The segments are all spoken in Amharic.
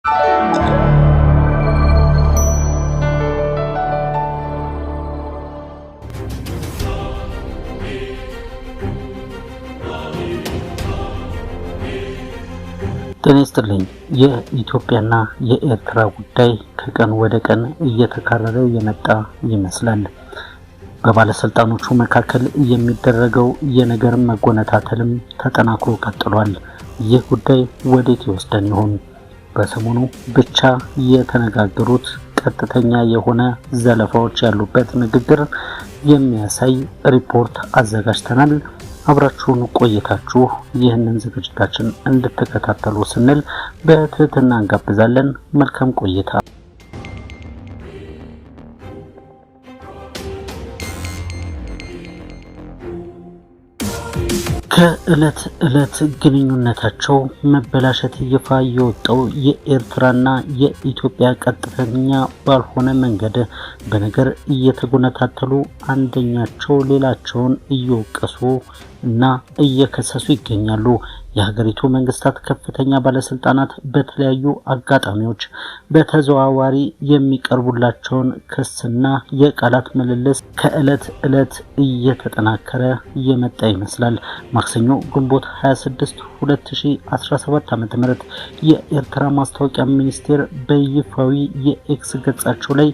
ጤና ይስጥልኝ። የኢትዮጵያና የኤርትራ ጉዳይ ከቀን ወደ ቀን እየተካረረ የመጣ ይመስላል። በባለስልጣኖቹ መካከል የሚደረገው የነገር መጎነታተልም ተጠናክሮ ቀጥሏል። ይህ ጉዳይ ወዴት ይወስደን ይሆን? በሰሞኑ ብቻ የተነጋገሩት ቀጥተኛ የሆነ ዘለፋዎች ያሉበት ንግግር የሚያሳይ ሪፖርት አዘጋጅተናል። አብራችሁን ቆይታችሁ ይህንን ዝግጅታችን እንድትከታተሉ ስንል በትህትና እንጋብዛለን። መልካም ቆይታ ከእለት እለት ግንኙነታቸው መበላሸት ይፋ የወጣው የኤርትራና የኢትዮጵያ ቀጥተኛ ባልሆነ መንገድ በነገር እየተጎነታተሉ አንደኛቸው ሌላቸውን እየወቀሱ እና እየከሰሱ ይገኛሉ። የሀገሪቱ መንግስታት ከፍተኛ ባለስልጣናት በተለያዩ አጋጣሚዎች በተዘዋዋሪ የሚቀርቡላቸውን ክስና የቃላት ምልልስ ከእለት እለት እየተጠናከረ የመጣ ይመስላል። ማክሰኞ ግንቦት 26 2017 ዓ ም የኤርትራ ማስታወቂያ ሚኒስቴር በይፋዊ የኤክስ ገጻቸው ላይ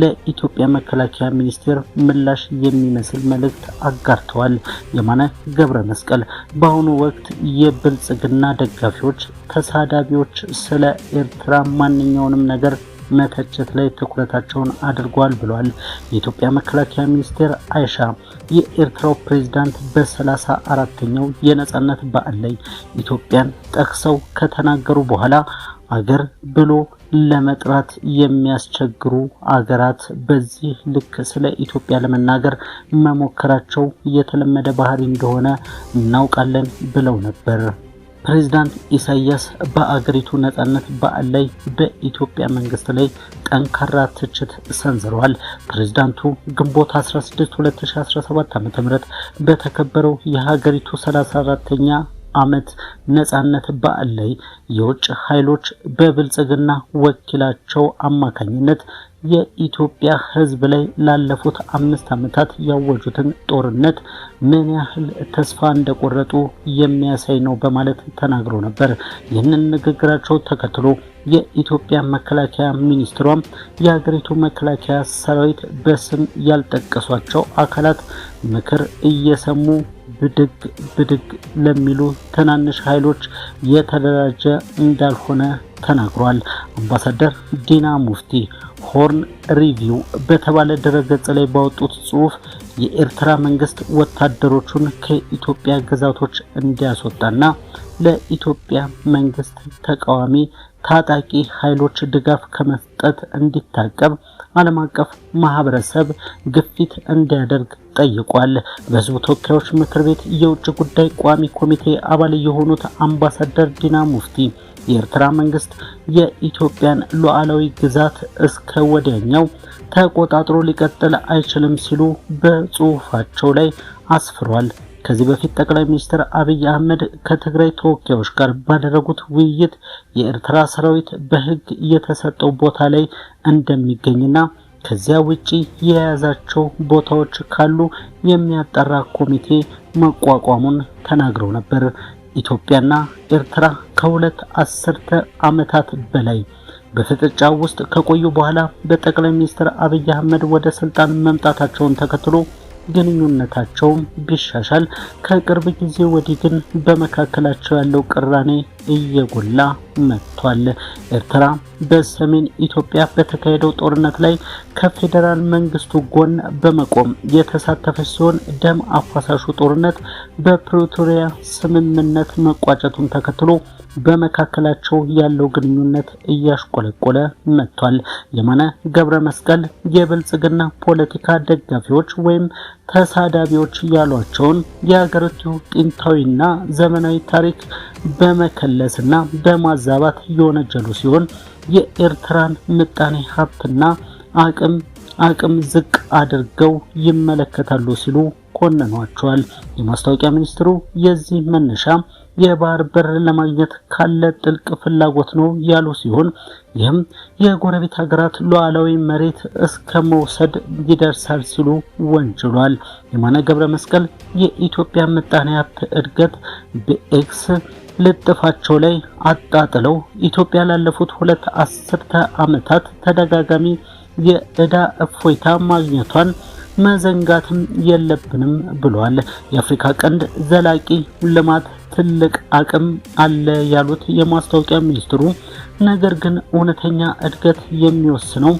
ለኢትዮጵያ መከላከያ ሚኒስቴር ምላሽ የሚመስል መልእክት አጋርተዋል። የማነ ገብረ መስቀል በአሁኑ ወቅት የ የብልጽግና ደጋፊዎች ተሳዳቢዎች ስለ ኤርትራ ማንኛውንም ነገር መተቸት ላይ ትኩረታቸውን አድርጓል ብሏል። የኢትዮጵያ መከላከያ ሚኒስቴር አይሻ የኤርትራው ፕሬዝዳንት በሰላሳ አራተኛው የነጻነት በዓል ላይ ኢትዮጵያን ጠቅሰው ከተናገሩ በኋላ አገር ብሎ ለመጥራት የሚያስቸግሩ አገራት በዚህ ልክ ስለ ኢትዮጵያ ለመናገር መሞከራቸው የተለመደ ባህሪ እንደሆነ እናውቃለን ብለው ነበር። ፕሬዚዳንት ኢሳያስ በአገሪቱ ነጻነት በዓል ላይ በኢትዮጵያ መንግስት ላይ ጠንካራ ትችት ሰንዝረዋል። ፕሬዚዳንቱ ግንቦት 16 2017 ዓ.ም በተከበረው የሀገሪቱ 34ኛ ዓመት ነጻነት በዓል ላይ የውጭ ኃይሎች በብልጽግና ወኪላቸው አማካኝነት የኢትዮጵያ ሕዝብ ላይ ላለፉት አምስት ዓመታት ያወጁትን ጦርነት ምን ያህል ተስፋ እንደቆረጡ የሚያሳይ ነው በማለት ተናግሮ ነበር። ይህንን ንግግራቸው ተከትሎ የኢትዮጵያ መከላከያ ሚኒስትሯም የሀገሪቱ መከላከያ ሰራዊት በስም ያልጠቀሷቸው አካላት ምክር እየሰሙ ብድግ ብድግ ለሚሉ ትናንሽ ኃይሎች የተደራጀ እንዳልሆነ ተናግሯል። አምባሳደር ዲና ሙፍቲ ሆርን ሪቪው በተባለ ድረገጽ ላይ ባወጡት ጽሑፍ የኤርትራ መንግስት ወታደሮቹን ከኢትዮጵያ ግዛቶች እንዲያስወጣና ለኢትዮጵያ መንግስት ተቃዋሚ ታጣቂ ኃይሎች ድጋፍ ከመስጠት እንዲታቀብ ዓለም አቀፍ ማህበረሰብ ግፊት እንዲያደርግ ጠይቋል። በህዝቡ ተወካዮች ምክር ቤት የውጭ ጉዳይ ቋሚ ኮሚቴ አባል የሆኑት አምባሳደር ዲና ሙፍቲ የኤርትራ መንግስት የኢትዮጵያን ሉዓላዊ ግዛት እስከ ወዲያኛው ተቆጣጥሮ ሊቀጥል አይችልም ሲሉ በጽሁፋቸው ላይ አስፍሯል። ከዚህ በፊት ጠቅላይ ሚኒስትር አብይ አህመድ ከትግራይ ተወካዮች ጋር ባደረጉት ውይይት የኤርትራ ሰራዊት በህግ የተሰጠው ቦታ ላይ እንደሚገኝና ከዚያ ውጪ የያዛቸው ቦታዎች ካሉ የሚያጠራ ኮሚቴ መቋቋሙን ተናግረው ነበር። ኢትዮጵያና ኤርትራ ከሁለት አስርተ ዓመታት በላይ በፍጥጫ ውስጥ ከቆዩ በኋላ በጠቅላይ ሚኒስትር አብይ አህመድ ወደ ስልጣን መምጣታቸውን ተከትሎ ግንኙነታቸውም ቢሻሻል ከቅርብ ጊዜ ወዲህ ግን በመካከላቸው ያለው ቅራኔ እየጎላ መጥቷል። ኤርትራ በሰሜን ኢትዮጵያ በተካሄደው ጦርነት ላይ ከፌዴራል መንግስቱ ጎን በመቆም የተሳተፈች ሲሆን ደም አፋሳሹ ጦርነት በፕሪቶሪያ ስምምነት መቋጨቱን ተከትሎ በመካከላቸው ያለው ግንኙነት እያሽቆለቆለ መጥቷል። የማነ ገብረ መስቀል የብልጽግና ፖለቲካ ደጋፊዎች ወይም ተሳዳቢዎች ያሏቸውን የሀገሪቱ ጥንታዊና ዘመናዊ ታሪክ በመከለስና በማዛባት የወነጀሉ ሲሆን የኤርትራን ምጣኔ ሀብትና አቅም አቅም ዝቅ አድርገው ይመለከታሉ ሲሉ ኮንኗቸዋል። የማስታወቂያ ሚኒስትሩ የዚህ መነሻ የባህር በርን ለማግኘት ካለ ጥልቅ ፍላጎት ነው ያሉ ሲሆን ይህም የጎረቤት ሀገራት ሉዓላዊ መሬት እስከ መውሰድ ይደርሳል ሲሉ ወንጅሏል። የማነ ገብረ መስቀል የኢትዮጵያ ምጣኔ ሀብት እድገት በኤክስ ልጥፋቸው ላይ አጣጥለው ኢትዮጵያ ላለፉት ሁለት አስርተ ዓመታት ተደጋጋሚ የዕዳ እፎይታ ማግኘቷን መዘንጋትም የለብንም ብሏል። የአፍሪካ ቀንድ ዘላቂ ልማት ትልቅ አቅም አለ ያሉት የማስታወቂያ ሚኒስትሩ፣ ነገር ግን እውነተኛ እድገት የሚወስነው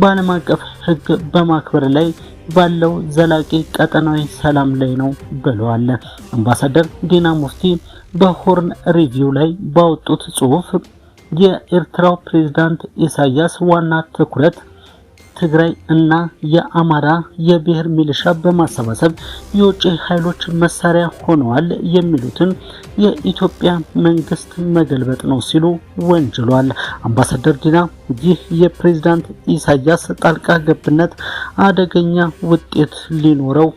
በዓለም አቀፍ ሕግ በማክበር ላይ ባለው ዘላቂ ቀጠናዊ ሰላም ላይ ነው ብለዋል። አምባሳደር ዲና ሙፍቲ በሆርን ሪቪው ላይ ባወጡት ጽሑፍ የኤርትራው ፕሬዝዳንት ኢሳያስ ዋና ትኩረት የትግራይ እና የአማራ የብሔር ሚሊሻ በማሰባሰብ የውጭ ኃይሎች መሳሪያ ሆነዋል የሚሉትን የኢትዮጵያ መንግስት መገልበጥ ነው ሲሉ ወንጅሏል። አምባሳደር ዲና ይህ የፕሬዝዳንት ኢሳያስ ጣልቃ ገብነት አደገኛ ውጤት ሊኖረው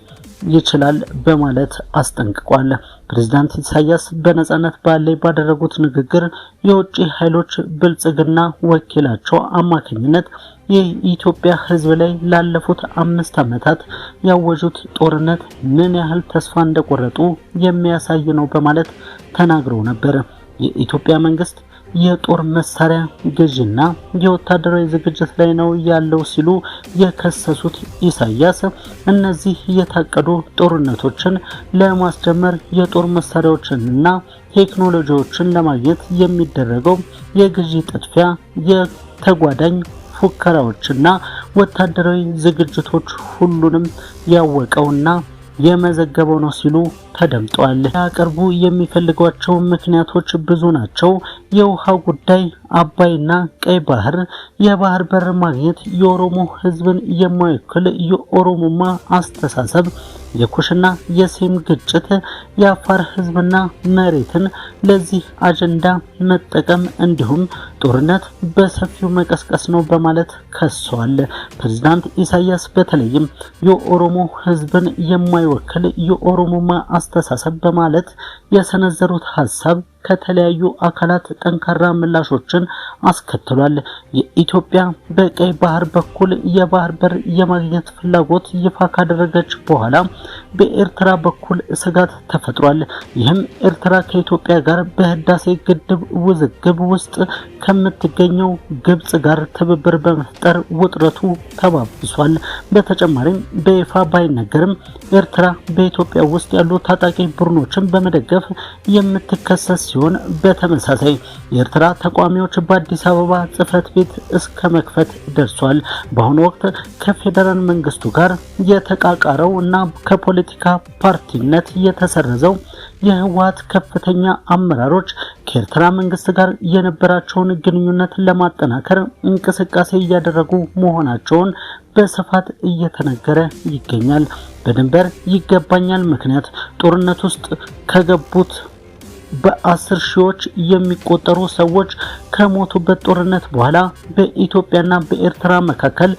ይችላል በማለት አስጠንቅቋል። ፕሬዝዳንት ኢሳያስ በነጻነት በዓል ላይ ባደረጉት ንግግር የውጭ ኃይሎች ብልጽግና ወኪላቸው አማካኝነት የኢትዮጵያ ሕዝብ ላይ ላለፉት አምስት ዓመታት ያወጁት ጦርነት ምን ያህል ተስፋ እንደቆረጡ የሚያሳይ ነው በማለት ተናግረው ነበር። የኢትዮጵያ መንግስት የጦር መሳሪያ ገዥና የወታደራዊ ዝግጅት ላይ ነው ያለው ሲሉ የከሰሱት ኢሳያስ እነዚህ የታቀዱ ጦርነቶችን ለማስጀመር የጦር መሳሪያዎችንና ቴክኖሎጂዎችን ለማግኘት የሚደረገው የግዢ ጥድፊያ፣ የተጓዳኝ ፉከራዎችና ወታደራዊ ዝግጅቶች ሁሉንም ያወቀውና የመዘገበው ነው ሲሉ ተደምጧል። ያቀርቡ የሚፈልጓቸው ምክንያቶች ብዙ ናቸው። የውሃ ጉዳይ፣ አባይና ቀይ ባህር፣ የባህር በር ማግኘት፣ የኦሮሞ ህዝብን የማይወክል የኦሮሞማ አስተሳሰብ የኩሽና የሴም ግጭት የአፋር ህዝብና መሬትን ለዚህ አጀንዳ መጠቀም እንዲሁም ጦርነት በሰፊው መቀስቀስ ነው በማለት ከሷል። ፕሬዝዳንት ኢሳያስ በተለይም የኦሮሞ ህዝብን የማይወክል የኦሮሞማ አስተሳሰብ በማለት የሰነዘሩት ሀሳብ ከተለያዩ አካላት ጠንካራ ምላሾችን አስከትሏል። የኢትዮጵያ በቀይ ባህር በኩል የባህር በር የማግኘት ፍላጎት ይፋ ካደረገች በኋላ በኤርትራ በኩል ስጋት ተፈጥሯል። ይህም ኤርትራ ከኢትዮጵያ ጋር በህዳሴ ግድብ ውዝግብ ውስጥ ከምትገኘው ግብጽ ጋር ትብብር በመፍጠር ውጥረቱ ተባብሷል። በተጨማሪም በይፋ ባይነገርም ኤርትራ በኢትዮጵያ ውስጥ ያሉ ታጣቂ ቡድኖችን በመደገፍ የምትከሰስ ሲሆን በተመሳሳይ የኤርትራ ተቋሚዎች በአዲስ አበባ ጽህፈት ቤት እስከ መክፈት ደርሷል። በአሁኑ ወቅት ከፌዴራል መንግስቱ ጋር የተቃቃረው እና ከፖለቲካ ፓርቲነት የተሰረዘው የህወሀት ከፍተኛ አመራሮች ከኤርትራ መንግስት ጋር የነበራቸውን ግንኙነት ለማጠናከር እንቅስቃሴ እያደረጉ መሆናቸውን በስፋት እየተነገረ ይገኛል። በድንበር ይገባኛል ምክንያት ጦርነት ውስጥ ከገቡት በአስር ሺዎች የሚቆጠሩ ሰዎች ከሞቱበት ጦርነት በኋላ በኢትዮጵያና በኤርትራ መካከል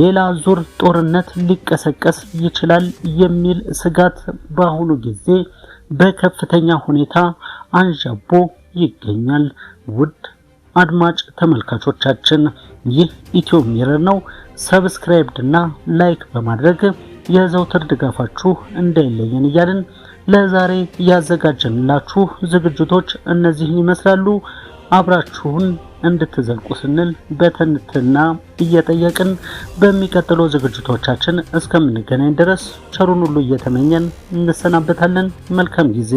ሌላ ዙር ጦርነት ሊቀሰቀስ ይችላል የሚል ስጋት በአሁኑ ጊዜ በከፍተኛ ሁኔታ አንዣቦ ይገኛል። ውድ አድማጭ ተመልካቾቻችን ይህ ኢትዮ ሚረር ነው። ሰብስክራይብድ እና ላይክ በማድረግ የዘውትር ድጋፋችሁ እንዳይለየን እያልን ለዛሬ ያዘጋጀንላችሁ ዝግጅቶች እነዚህን ይመስላሉ። አብራችሁን እንድትዘልቁ ስንል በትህትና እየጠየቅን በሚቀጥለው ዝግጅቶቻችን እስከምንገናኝ ድረስ ቸሩን ሁሉ እየተመኘን እንሰናበታለን። መልካም ጊዜ